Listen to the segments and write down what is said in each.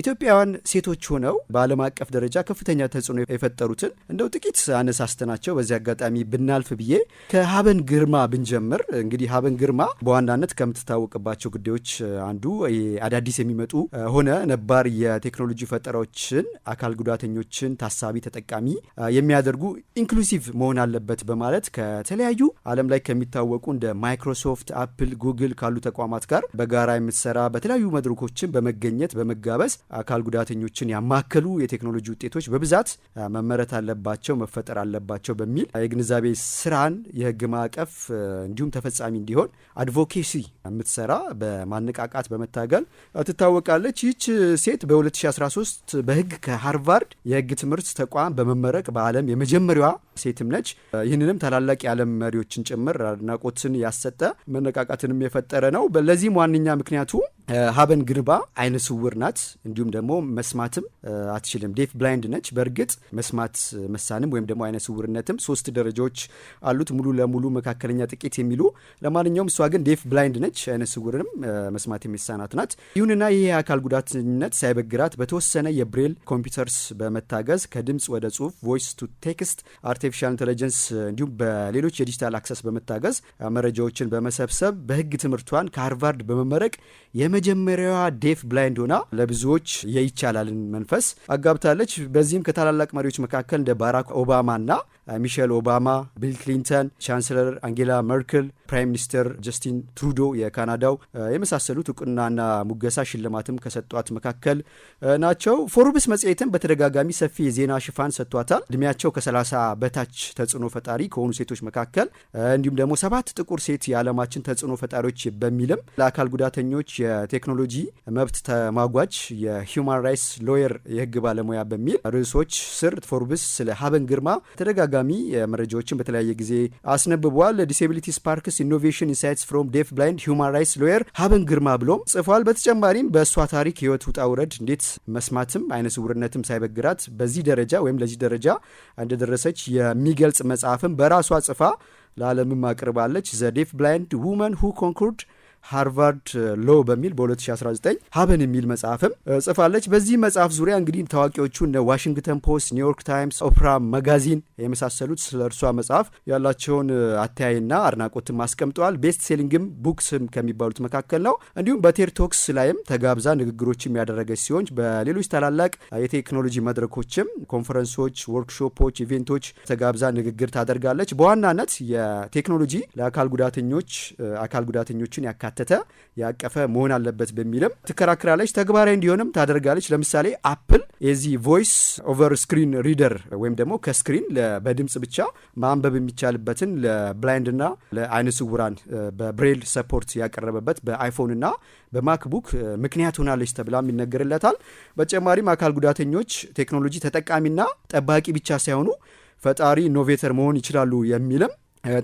ኢትዮጵያውያን ሴቶች ሆነው በዓለም አቀፍ ደረጃ ከፍተኛ ተጽዕኖ የፈጠሩትን እንደው ጥቂት አነሳስተናቸው በዚህ አጋጣሚ ብናልፍ ብዬ ከሀበን ግርማ ብንጀምር። እንግዲህ ሀበን ግርማ በዋናነት ከምትታወቅባቸው ጉዳዮች አንዱ አዳዲስ የሚመጡ ሆነ ነባር የቴክኖሎጂ ፈጠራዎችን አካል ጉዳተኞችን ታሳቢ ተጠቃሚ የሚያደርጉ ኢንክሉሲቭ መሆን አለበት በማለት ከተለያዩ ዓለም ላይ ከሚታወቁ እንደ ማይክሮሶፍት፣ አፕል፣ ጉግል ካሉ ተቋማት ጋር በጋራ የምትሰራ በተለያዩ መድረኮችን በመገኘት በመጋበዝ አካል ጉዳተኞችን ያማከሉ የቴክኖሎጂ ውጤቶች በብዛት መመረት አለባቸው፣ መፈጠር አለባቸው በሚል የግንዛቤ ስራን የህግ ማዕቀፍ እንዲሁም ተፈጻሚ እንዲሆን አድቮኬሲ የምትሰራ በማነቃቃት በመታገል ትታወቃለች። ይህች ሴት በ2013 በህግ ከሃርቫርድ የህግ ትምህርት ተቋም በመመረቅ በዓለም የመጀመሪያዋ ሴትም ነች። ይህንንም ታላላቅ የዓለም መሪዎችን ጭምር አድናቆትን ያሰጠ መነቃቃትንም የፈጠረ ነው። ለዚህም ዋነኛ ምክንያቱ ሀበን ግርባ አይነ ስውር ናት። እንዲሁም ደግሞ መስማትም አትችልም፣ ዴፍ ብላይንድ ነች። በእርግጥ መስማት መሳንም ወይም ደግሞ አይነ ስውርነትም ሶስት ደረጃዎች አሉት፣ ሙሉ ለሙሉ፣ መካከለኛ፣ ጥቂት የሚሉ ለማንኛውም እሷ ግን ዴፍ ብላይንድ ነች፣ አይነ ስውርንም መስማት የሚሳናት ናት። ይሁንና ይህ የአካል ጉዳትነት ሳይበግራት በተወሰነ የብሬል ኮምፒውተርስ በመታገዝ ከድምፅ ወደ ጽሁፍ ቮይስ ቱ ቴክስት፣ አርቲፊሻል ኢንቴለጀንስ እንዲሁም በሌሎች የዲጂታል አክሰስ በመታገዝ መረጃዎችን በመሰብሰብ በህግ ትምህርቷን ከሃርቫርድ በመመረቅ የመጀመሪያዋ ዴፍ ብላይንድ ሆና ለብዙዎች የይቻላልን መንፈስ አጋብታለች። በዚህም ከታላላቅ መሪዎች መካከል እንደ ባራክ ኦባማና ሚሼል ኦባማ፣ ቢል ክሊንተን፣ ቻንስለር አንጌላ መርክል፣ ፕራይም ሚኒስትር ጀስቲን ትሩዶ የካናዳው uh, የመሳሰሉት እውቅናና ሙገሳ ሽልማትም ከሰጧት መካከል uh, ናቸው። ፎርብስ መጽሔትም በተደጋጋሚ ሰፊ የዜና ሽፋን ሰጥቷታል። እድሜያቸው ከ30 በታች ተጽዕኖ ፈጣሪ ከሆኑ ሴቶች መካከል uh, እንዲሁም ደግሞ ሰባት ጥቁር ሴት የዓለማችን ተጽዕኖ ፈጣሪዎች በሚልም ለአካል ጉዳተኞች የቴክኖሎጂ መብት ተሟጓች የሂውማን ራይትስ ሎየር የህግ ባለሙያ በሚል ርዕሶች ስር ፎርብስ ስለ ሀበን ግርማ ተደጋጋሚ በተደጋጋሚ መረጃዎችን በተለያየ ጊዜ አስነብቧል። ዲስኤቢሊቲስ ስፓርክስ ኢኖቬሽን ኢንሳይትስ ፍሮም ዴፍ ብላይንድ ሁማን ራይትስ ሎየር ሀበን ግርማ ብሎም ጽፏል። በተጨማሪም በእሷ ታሪክ ህይወት ውጣ ውረድ እንዴት መስማትም አይነ ስውርነትም ሳይበግራት በዚህ ደረጃ ወይም ለዚህ ደረጃ እንደደረሰች የሚገልጽ መጽሐፍም በራሷ ጽፋ ለዓለምም አቅርባለች። ዘ ዴፍ ብላይንድ ውመን ሁ ኮንኩርድ ሃርቫርድ ሎ በሚል በ2019 ሀበን የሚል መጽሐፍም ጽፋለች። በዚህ መጽሐፍ ዙሪያ እንግዲህ ታዋቂዎቹ እነ ዋሽንግተን ፖስት፣ ኒውዮርክ ታይምስ፣ ኦፕራ መጋዚን የመሳሰሉት ስለ እርሷ መጽሐፍ ያላቸውን አተያይና አድናቆትም አስቀምጠዋል። ቤስት ሴሊንግም ቡክስም ከሚባሉት መካከል ነው። እንዲሁም በቴርቶክስ ላይም ተጋብዛ ንግግሮችም ያደረገች ሲሆን በሌሎች ታላላቅ የቴክኖሎጂ መድረኮችም ኮንፈረንሶች፣ ወርክሾፖች፣ ኢቬንቶች ተጋብዛ ንግግር ታደርጋለች። በዋናነት የቴክኖሎጂ ለአካል ጉዳተኞች አካል ጉዳተኞችን ያካ ያካተተ ያቀፈ መሆን አለበት በሚልም ትከራክራለች፣ ተግባራዊ እንዲሆንም ታደርጋለች። ለምሳሌ አፕል የዚህ ቮይስ ኦቨር ስክሪን ሪደር ወይም ደግሞ ከስክሪን በድምፅ ብቻ ማንበብ የሚቻልበትን ለብላይንድና ለአይነ ስውራን በብሬል ሰፖርት ያቀረበበት በአይፎንና በማክቡክ ምክንያት ሆናለች ተብላም ይነገርለታል። በተጨማሪም አካል ጉዳተኞች ቴክኖሎጂ ተጠቃሚና ጠባቂ ብቻ ሳይሆኑ ፈጣሪ ኢኖቬተር መሆን ይችላሉ የሚልም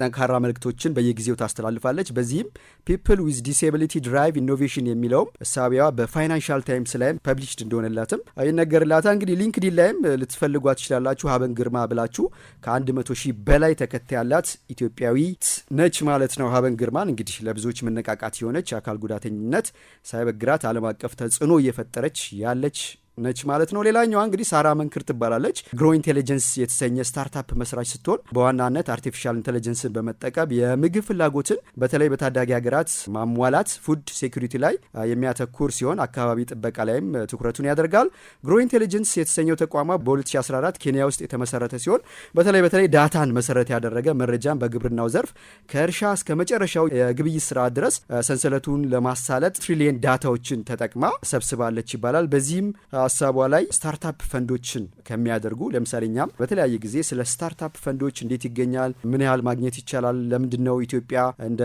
ጠንካራ መልእክቶችን በየጊዜው ታስተላልፋለች። በዚህም ፒፕል ዊዝ ዲስብሊቲ ድራይቭ ኢኖቬሽን የሚለውም እሳቢያዋ በፋይናንሻል ታይምስ ላይም ፐብሊሽድ እንደሆነላትም ይነገርላታ። እንግዲህ ሊንክዲን ላይም ልትፈልጓት ትችላላችሁ። ሀበን ግርማ ብላችሁ ከ100 ሺህ በላይ ተከታይ ያላት ኢትዮጵያዊት ነች ማለት ነው። ሀበን ግርማን እንግዲህ ለብዙዎች መነቃቃት የሆነች አካል ጉዳተኝነት ሳይበግራት ዓለም አቀፍ ተጽዕኖ እየፈጠረች ያለች ነች ማለት ነው። ሌላኛዋ እንግዲህ ሳራ መንክር ትባላለች። ግሮ ኢንቴሊጀንስ የተሰኘ ስታርታፕ መስራች ስትሆን በዋናነት አርቲፊሻል ኢንቴሊጀንስን በመጠቀም የምግብ ፍላጎትን በተለይ በታዳጊ ሀገራት ማሟላት ፉድ ሴኩሪቲ ላይ የሚያተኩር ሲሆን አካባቢ ጥበቃ ላይም ትኩረቱን ያደርጋል። ግሮ ኢንቴሊጀንስ የተሰኘው ተቋማ በ2014 ኬንያ ውስጥ የተመሰረተ ሲሆን በተለይ በተለይ ዳታን መሰረት ያደረገ መረጃን በግብርናው ዘርፍ ከእርሻ እስከ መጨረሻው የግብይት ስርዓት ድረስ ሰንሰለቱን ለማሳለጥ ትሪሊየን ዳታዎችን ተጠቅማ ሰብስባለች ይባላል። በዚህም ሀሳቧ ላይ ስታርታፕ ፈንዶችን ከሚያደርጉ ለምሳሌ እኛም በተለያየ ጊዜ ስለ ስታርታፕ ፈንዶች እንዴት ይገኛል፣ ምን ያህል ማግኘት ይቻላል፣ ለምንድን ነው ኢትዮጵያ እንደ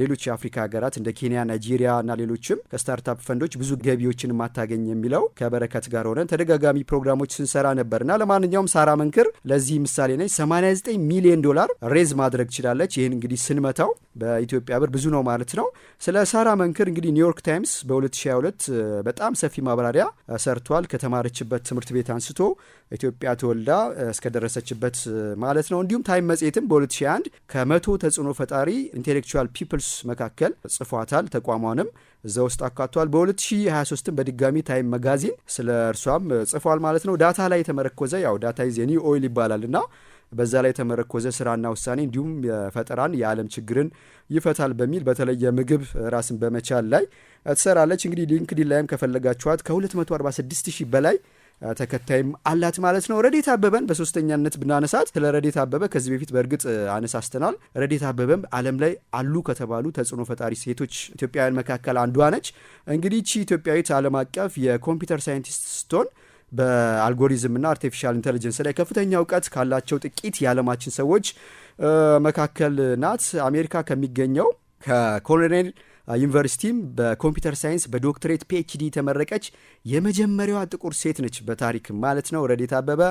ሌሎች የአፍሪካ ሀገራት እንደ ኬንያ፣ ናይጄሪያ እና ሌሎችም ከስታርታፕ ፈንዶች ብዙ ገቢዎችን ማታገኝ የሚለው ከበረከት ጋር ሆነን ተደጋጋሚ ፕሮግራሞች ስንሰራ ነበር እና ለማንኛውም ሳራ መንክር ለዚህ ምሳሌ ነች። 89 ሚሊዮን ዶላር ሬዝ ማድረግ ችላለች። ይህን እንግዲህ ስንመታው በኢትዮጵያ ብር ብዙ ነው ማለት ነው። ስለ ሳራ መንክር እንግዲህ ኒውዮርክ ታይምስ በ2022 በጣም ሰፊ ማብራሪያ ሰርቷል። ከተማረችበት ትምህርት ቤት አንስቶ ኢትዮጵያ ተወልዳ እስከደረሰችበት ማለት ነው። እንዲሁም ታይም መጽሔትም በ2001 ከመቶ ተጽዕኖ ፈጣሪ ኢንቴሌክቹዋል ፒፕልስ መካከል ጽፏታል። ተቋሟንም እዛ ውስጥ አካቷል። በ2023 በድጋሚ ታይም መጋዚን ስለ እርሷም ጽፏል ማለት ነው። ዳታ ላይ የተመረኮዘ ያው ዳታ ይዜኒ ኦይል ይባላል እና በዛ ላይ የተመረኮዘ ስራና ውሳኔ እንዲሁም የፈጠራን የዓለም ችግርን ይፈታል በሚል በተለይ የምግብ ራስን በመቻል ላይ ትሰራለች። እንግዲህ ሊንክዲን ላይም ከፈለጋችኋት ከ246 ሺህ በላይ ተከታይም አላት ማለት ነው። ረዴት አበበን በሶስተኛነት ብናነሳት ስለ ረዴት አበበ ከዚህ በፊት በእርግጥ አነሳስተናል። ረዴት አበበም ዓለም ላይ አሉ ከተባሉ ተጽዕኖ ፈጣሪ ሴቶች ኢትዮጵያውያን መካከል አንዷ ነች። እንግዲህ ቺ ኢትዮጵያዊት ዓለም አቀፍ የኮምፒውተር ሳይንቲስት ስትሆን በአልጎሪዝምና አርቲፊሻል ኢንቴሊጀንስ ላይ ከፍተኛ እውቀት ካላቸው ጥቂት የዓለማችን ሰዎች መካከል ናት። አሜሪካ ከሚገኘው ከኮሎኔል ዩኒቨርሲቲም በኮምፒውተር ሳይንስ በዶክትሬት ፒኤችዲ የተመረቀች የመጀመሪያዋ ጥቁር ሴት ነች በታሪክ ማለት ነው። ረዴት አበበ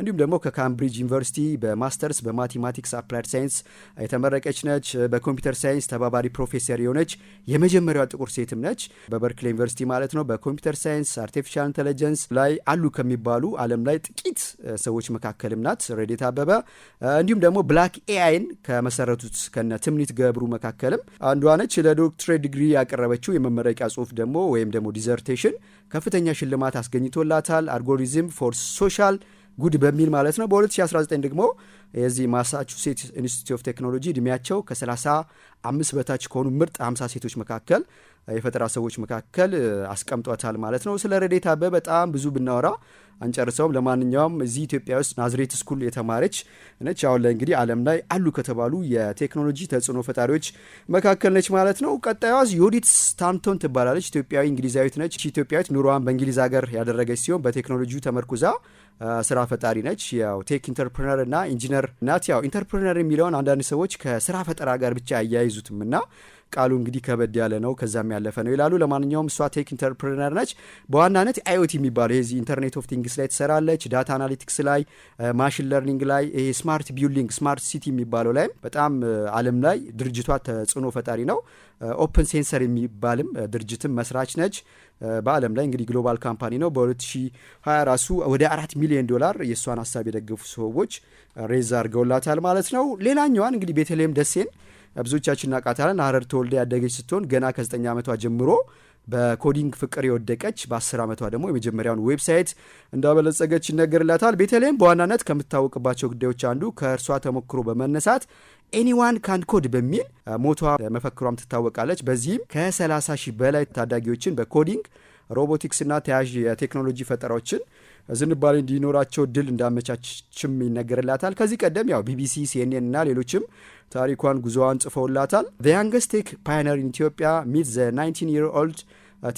እንዲሁም ደግሞ ከካምብሪጅ ዩኒቨርሲቲ በማስተርስ በማቴማቲክስ አፕላይድ ሳይንስ የተመረቀች ነች። በኮምፒውተር ሳይንስ ተባባሪ ፕሮፌሰር የሆነች የመጀመሪያዋ ጥቁር ሴትም ነች በበርክሌ ዩኒቨርሲቲ ማለት ነው። በኮምፒውተር ሳይንስ አርቲፊሻል ኢንቴለጀንስ ላይ አሉ ከሚባሉ አለም ላይ ጥቂት ሰዎች መካከልም ናት ረዴት አበበ እንዲሁም ደግሞ ብላክ ኤአይን ከመሰረቱት ከነ ትምኒት ገብሩ መካከልም አንዷ ነች። ለዶክትሬት ዲግሪ ያቀረበችው የመመረቂያ ጽሁፍ ደግሞ ወይም ደግሞ ዲዘርቴሽን ከፍተኛ ሽልማት አስገኝቶላታል። አልጎሪዝም ፎር ሶሻል ጉድ በሚል ማለት ነው። በ2019 ደግሞ የዚህ ማሳቹሴትስ ኢንስቲትዩት ኦፍ ቴክኖሎጂ እድሜያቸው ከ35 በታች ከሆኑ ምርጥ 50 ሴቶች መካከል የፈጠራ ሰዎች መካከል አስቀምጧታል ማለት ነው። ስለ ረዴት አበበ በጣም ብዙ ብናወራ አንጨርሰውም። ለማንኛውም እዚህ ኢትዮጵያ ውስጥ ናዝሬት ስኩል የተማረች ነች። አሁን ላይ እንግዲህ ዓለም ላይ አሉ ከተባሉ የቴክኖሎጂ ተጽዕኖ ፈጣሪዎች መካከል ነች ማለት ነው። ቀጣዩ ዮዲት ስታንቶን ትባላለች። ኢትዮጵያዊ እንግሊዛዊት ነች። ኢትዮጵያዊት ኑሯዋን በእንግሊዝ ሀገር ያደረገች ሲሆን በቴክኖሎጂ ተመርኩዛ ስራ ፈጣሪ ነች። ያው ቴክ ኢንተርፕርነር እና ኢንጂነር ናት። ያው ኢንተርፕርነር የሚለውን አንዳንድ ሰዎች ከስራ ፈጠራ ጋር ብቻ አያይዙትም እና ቃሉ እንግዲህ ከበድ ያለ ነው፣ ከዛም ያለፈ ነው ይላሉ። ለማንኛውም እሷ ቴክ ኢንተርፕሪነር ነች። በዋናነት አይኦቲ የሚባለው የዚህ ኢንተርኔት ኦፍ ቲንግስ ላይ ትሰራለች። ዳታ አናሊቲክስ ላይ፣ ማሽን ለርኒንግ ላይ፣ ይሄ ስማርት ቢልዲንግ ስማርት ሲቲ የሚባለው ላይም በጣም አለም ላይ ድርጅቷ ተጽዕኖ ፈጣሪ ነው። ኦፕን ሴንሰር የሚባልም ድርጅትም መስራች ነች። በአለም ላይ እንግዲህ ግሎባል ካምፓኒ ነው። በ2020 ራሱ ወደ አራት ሚሊዮን ዶላር የእሷን ሀሳብ የደገፉ ሰዎች ሬዝ አድርገውላታል ማለት ነው። ሌላኛዋን እንግዲህ ቤተልሔም ደሴን ብዙዎቻችን እናውቃታለን። ሀረር ተወልደ ያደገች ስትሆን ገና ከ9 ዓመቷ ጀምሮ በኮዲንግ ፍቅር የወደቀች በ10 ዓመቷ ደግሞ የመጀመሪያውን ዌብሳይት እንዳበለጸገች ይነገርላታል። ቤተልሔም በዋናነት ከምታወቅባቸው ጉዳዮች አንዱ ከእርሷ ተሞክሮ በመነሳት ኤኒዋን ካን ኮድ በሚል ሞቷ መፈክሯም ትታወቃለች። በዚህም ከ30 ሺህ በላይ ታዳጊዎችን በኮዲንግ ሮቦቲክስና ተያዥ የቴክኖሎጂ ፈጠራዎችን ዝንባሌ እንዲኖራቸው ድል እንዳመቻችም ይነገርላታል። ከዚህ ቀደም ያው ቢቢሲ፣ ሲኤንኤን እና ሌሎችም ታሪኳን ጉዞዋን ጽፈውላታል። ዘ ያንገስት ቴክ ፓዮነር ኢን ኢትዮጵያ ሚት ዘ 19 ይር ኦልድ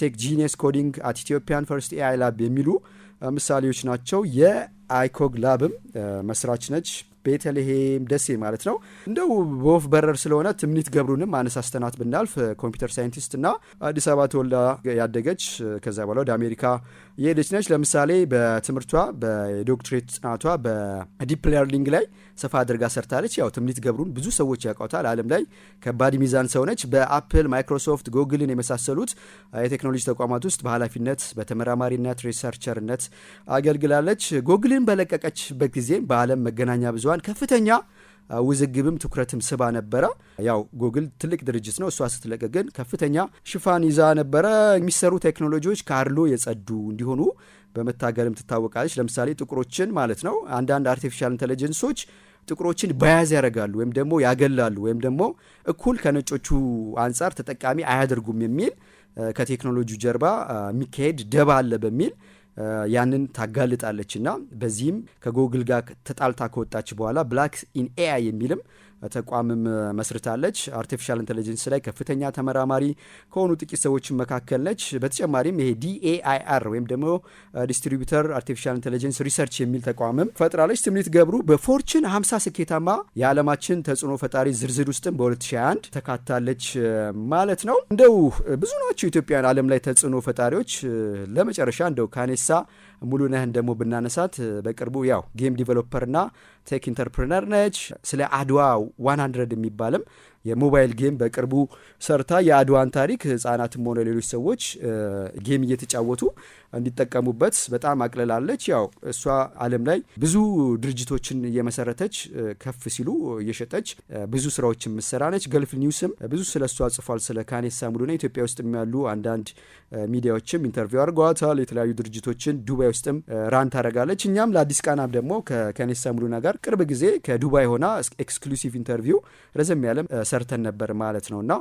ቴክ ጂኒየስ ኮዲንግ አት ኢትዮጵያን ፈርስት ኤአይ ላብ የሚሉ uh, ምሳሌዎች ናቸው። የአይኮግ ላብም uh, መስራች ነች። ቤተልሄም ደሴ ማለት ነው። እንደው በወፍ በረር ስለሆነ ትምኒት ገብሩንም አነሳስተናት ብናልፍ uh, ኮምፒውተር ሳይንቲስት እና አዲስ አበባ ተወልዳ ያደገች ከዛ በኋላ ወደ አሜሪካ ይህ ልጅ ነች ለምሳሌ በትምህርቷ በዶክትሬት ጥናቷ በዲፕ ለርኒንግ ላይ ሰፋ አድርጋ ሰርታለች። ያው ትምኒት ገብሩን ብዙ ሰዎች ያውቋታል። አለም ላይ ከባድ ሚዛን ሰው ነች። በአፕል ማይክሮሶፍት፣ ጎግልን የመሳሰሉት የቴክኖሎጂ ተቋማት ውስጥ በኃላፊነት በተመራማሪነት ሪሰርቸርነት አገልግላለች። ጎግልን በለቀቀችበት ጊዜ በአለም መገናኛ ብዙኃን ከፍተኛ ውዝግብም ትኩረትም ስባ ነበረ። ያው ጉግል ትልቅ ድርጅት ነው። እሷ ስትለቅ ግን ከፍተኛ ሽፋን ይዛ ነበረ። የሚሰሩ ቴክኖሎጂዎች ካርሎ የጸዱ እንዲሆኑ በመታገልም ትታወቃለች። ለምሳሌ ጥቁሮችን ማለት ነው። አንዳንድ አርቲፊሻል ኢንቴሊጀንሶች ጥቁሮችን በያዝ ያደርጋሉ ወይም ደግሞ ያገላሉ ወይም ደግሞ እኩል ከነጮቹ አንጻር ተጠቃሚ አያደርጉም የሚል ከቴክኖሎጂ ጀርባ የሚካሄድ ደባ አለ በሚል ያንን ታጋልጣለች እና በዚህም ከጎግል ጋር ተጣልታ ከወጣች በኋላ ብላክ ኢን ኤአይ የሚልም ተቋምም መስርታለች። አርቲፊሻል ኢንቴሊጀንስ ላይ ከፍተኛ ተመራማሪ ከሆኑ ጥቂት ሰዎች መካከል ነች። በተጨማሪም ይሄ ዲኤአይአር ወይም ደግሞ ዲስትሪቢተር አርቲፊሻል ኢንቴሊጀንስ ሪሰርች የሚል ተቋምም ፈጥራለች። ትምኒት ገብሩ በፎርችን 50 ስኬታማ የዓለማችን ተጽዕኖ ፈጣሪ ዝርዝር ውስጥም በ2021 ተካታለች uh, ማለት ነው። እንደው ብዙ ናቸው ኢትዮጵያን ዓለም ላይ ተጽዕኖ ፈጣሪዎች። ለመጨረሻ እንደው ካኔሳ ነህን ደግሞ ብናነሳት በቅርቡ ያው ጌም ዲቨሎፐርና ቴክ ኢንተርፕርነር ነች። ስለ አድዋ 100 የሚባልም የሞባይል ጌም በቅርቡ ሰርታ የአድዋን ታሪክ ህጻናትም ሆነ ሌሎች ሰዎች ጌም እየተጫወቱ እንዲጠቀሙበት በጣም አቅልላለች። ያው እሷ ዓለም ላይ ብዙ ድርጅቶችን እየመሰረተች ከፍ ሲሉ እየሸጠች ብዙ ስራዎች የምሰራ ነች። ገልፍ ኒውስም ብዙ ስለ እሷ ጽፏል። ስለ ካኔሳ ሙሉና ኢትዮጵያ ውስጥ ያሉ አንዳንድ ሚዲያዎችም ኢንተርቪው አድርጓታል። የተለያዩ ድርጅቶችን ዱባይ ውስጥም ራን ታደርጋለች። እኛም ለአዲስ ቃናም ደግሞ ከካኔሳ ሙሉና ጋር ቅርብ ጊዜ ከዱባይ ሆና ኤክስክሉሲቭ ኢንተርቪው ረዘም ያለም ሰርተን ነበር ማለት ነው እና